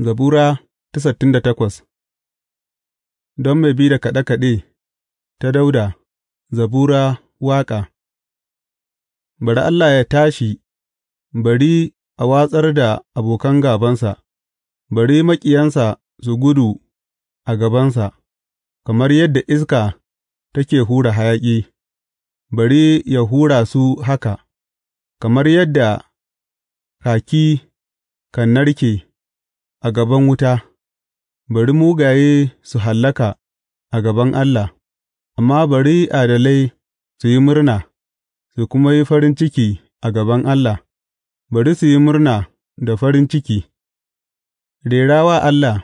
Zabura ta sittin da takwas Don mai bi da kaɗe-kaɗe ta Dauda, Zabura waƙa Bari Allah ya tashi, bari a watsar da abokan gabansa, bari maƙiyansa su gudu a gabansa, kamar yadda iska take hura hayaƙi, bari ya hura su haka, kamar yadda kaki kan narke. a gaban wuta, bari mugaye su hallaka a gaban Allah, amma bari adalai su yi murna, su kuma yi farin ciki a gaban Allah, bari su yi murna da farin ciki, rera wa Allah,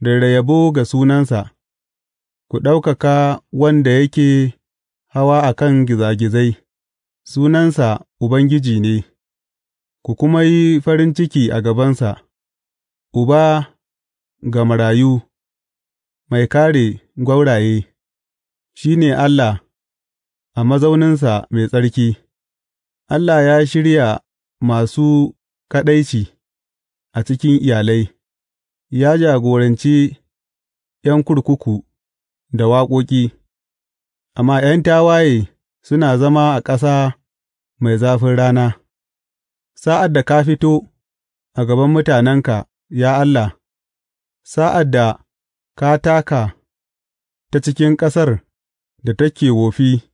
rera yabo ga sunansa, ku ɗaukaka wanda yake hawa a kan gizagizai, sunansa Ubangiji ne, ku kuma yi farin ciki a gabansa. Uba ga marayu, mai kare gwauraye, shi ne Allah a mazauninsa mai tsarki; Allah ya shirya masu kaɗaici a cikin iyalai, ya jagoranci ’yan kurkuku da waƙoƙi, amma ’yan tawaye suna zama a ƙasa mai zafin rana, sa'ad da ka fito a gaban mutanenka. ya Allah, sa'ad da ka taka ta cikin ƙasar da take wofi,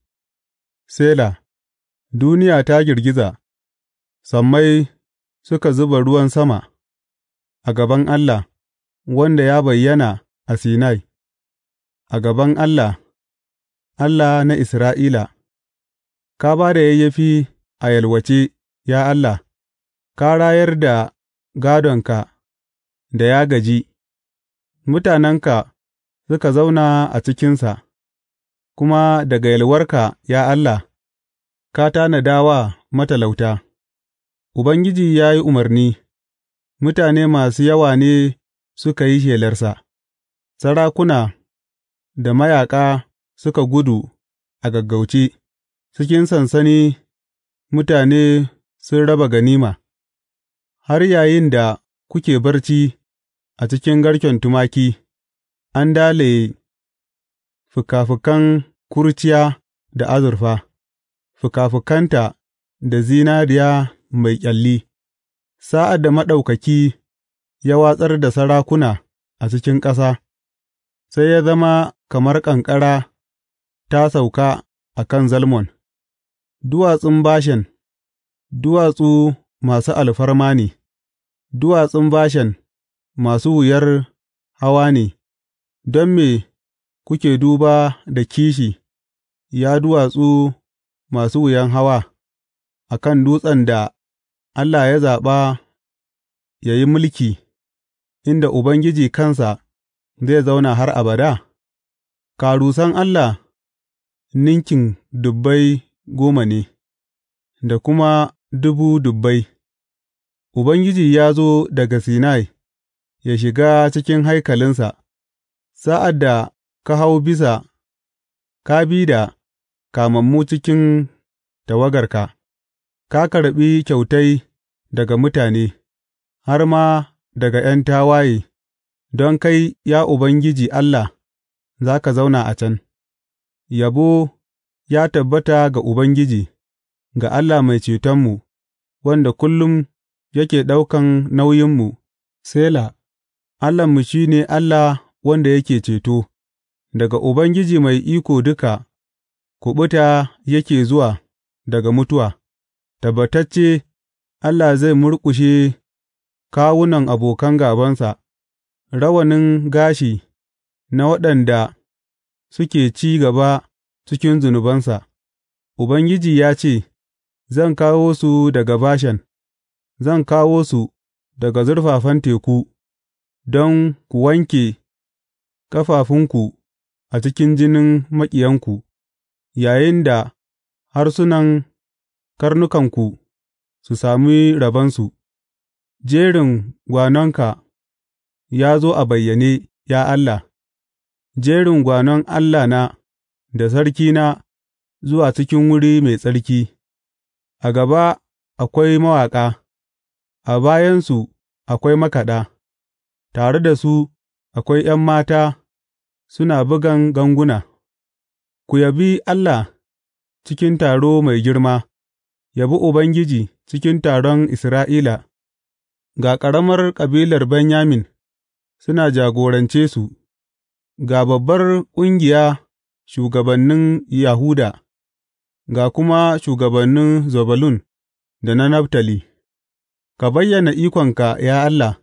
Sela, duniya ta girgiza, sammai suka zuba ruwan sama a gaban Allah, wanda ya bayyana a Sinai, a gaban Allah, Allah na Isra'ila, ka ba da yayyafi a yalwace, ya Allah, ka rayar da gādonka. da ya gaji, mutanenka suka zauna a cikinsa, kuma daga yalwarka, ya Allah, ka tanada wa matalauta; Ubangiji ya yi umarni, mutane masu yawa ne suka yi shelarsa, sarakuna da mayaƙa suka gudu a gaggauci. cikin sansani mutane sun raba ganima, har yayin da kuke barci a cikin garken tumaki, an dalaye fikafikan kurciya da azurfa, fikafikanta da zinariya mai ƙyalli, sa'ad da Maɗaukaki ya watsar da sarakuna a cikin ƙasa, sai ya zama kamar ƙanƙara ta sauka a kan Zalmon, duwatsun Bashan, duwatsu masu alfarma ne. Duwatsun Bashan masu wuyar hawa ne, don me kuke duba da kishi, ya duwatsu masu wuyan hawa, a kan dutsen da Allah ya zaɓa ya yi mulki, inda Ubangiji kansa zai zauna har abada? Karusan Allah ninkin dubbai goma ne, da kuma dubu dubbai. Ubangiji ya zo daga Sinai ya shiga cikin haikalinsa; sa'ad da ka hau bisa ka bi da kamammu cikin tawagarka, ka karɓi kyautai daga mutane, har ma daga ’yan tawaye, don kai, ya Ubangiji Allah, za ka zauna a can. Yabo ya tabbata ga Ubangiji, ga Allah Mai Cetonmu, wanda kullum. yake ɗaukan nauyinmu, Sela Allahnmu shi ne Allah wanda yake ceto; daga Ubangiji Mai Iko Duka kuɓuta yake zuwa daga mutuwa, tabbatacce Allah zai murƙushe kawunan abokan gabansa. rawanin gashi na waɗanda suke ci gaba cikin zunubansa; Ubangiji ya ce, Zan kawo su daga Bashan. zan kawo su daga zurfafan teku don ku wanke ƙafafunku a cikin jinin maƙiyanku, yayinda harsunan karnukanku su sami rabonsu, jerin gwanonka ya zo a bayyane, ya Allah, jerin gwanon Allahna da sarkina zuwa cikin wuri mai tsarki, a gaba akwai mawaƙa. a bayansu akwai makaɗa, tare da su akwai ’yan mata suna bugan ganguna; ku yabi Allah cikin taro mai girma, yabi Ubangiji cikin taron Isra'ila, ga ƙaramar kabilar Benyamin suna jagorance su, ga babbar ƙungiya shugabannin Yahuda, ga kuma shugabannin Zebulun da na Naftali. Ka bayyana ikonka, ya Allah;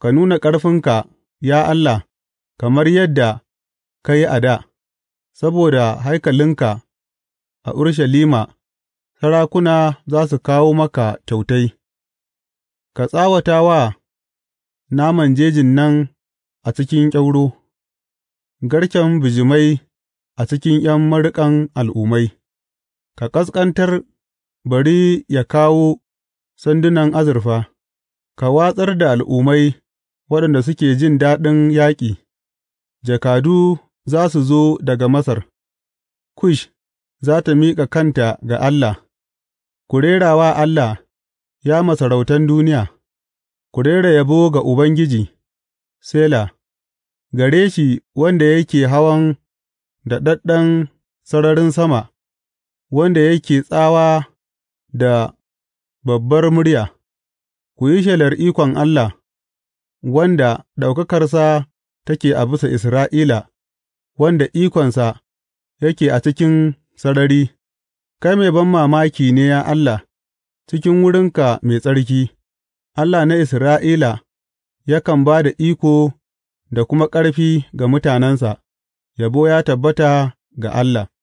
ka nuna ƙarfinka, ya Allah, kamar yadda ka yi a dā, saboda haikalinka a Urushalima sarakuna za su kawo maka kyautai; ka tsawata wa naman jejin nan a cikin kyauro, garken bijimai a cikin ’yan maruƙan al'ummai; ka ƙasƙantar bari ya kawo sandunan azurfa, ka watsar da al'ummai waɗanda suke jin daɗin yaƙi, jakadu za su zo daga Masar, Kush za tă miƙa kanta ga Allah, ku rera wa Allah, ya masarautan duniya, ku rera yabo ga Ubangiji, Sela, gare shi wanda yake hawan daɗaɗɗen sararin sama, wanda yake tsawa da babbar murya, Ku yi shelar ikon Allah, wanda ɗaukakarsa take a bisa Isra'ila, wanda ikonsa yake a cikin sarari, kai mai ban mamaki ne, ya Allah, cikin wurinka mai tsarki, Allah na Isra'ila yakan ba da iko da kuma ƙarfi ga mutanensa, yabo ya tabbata ga Allah.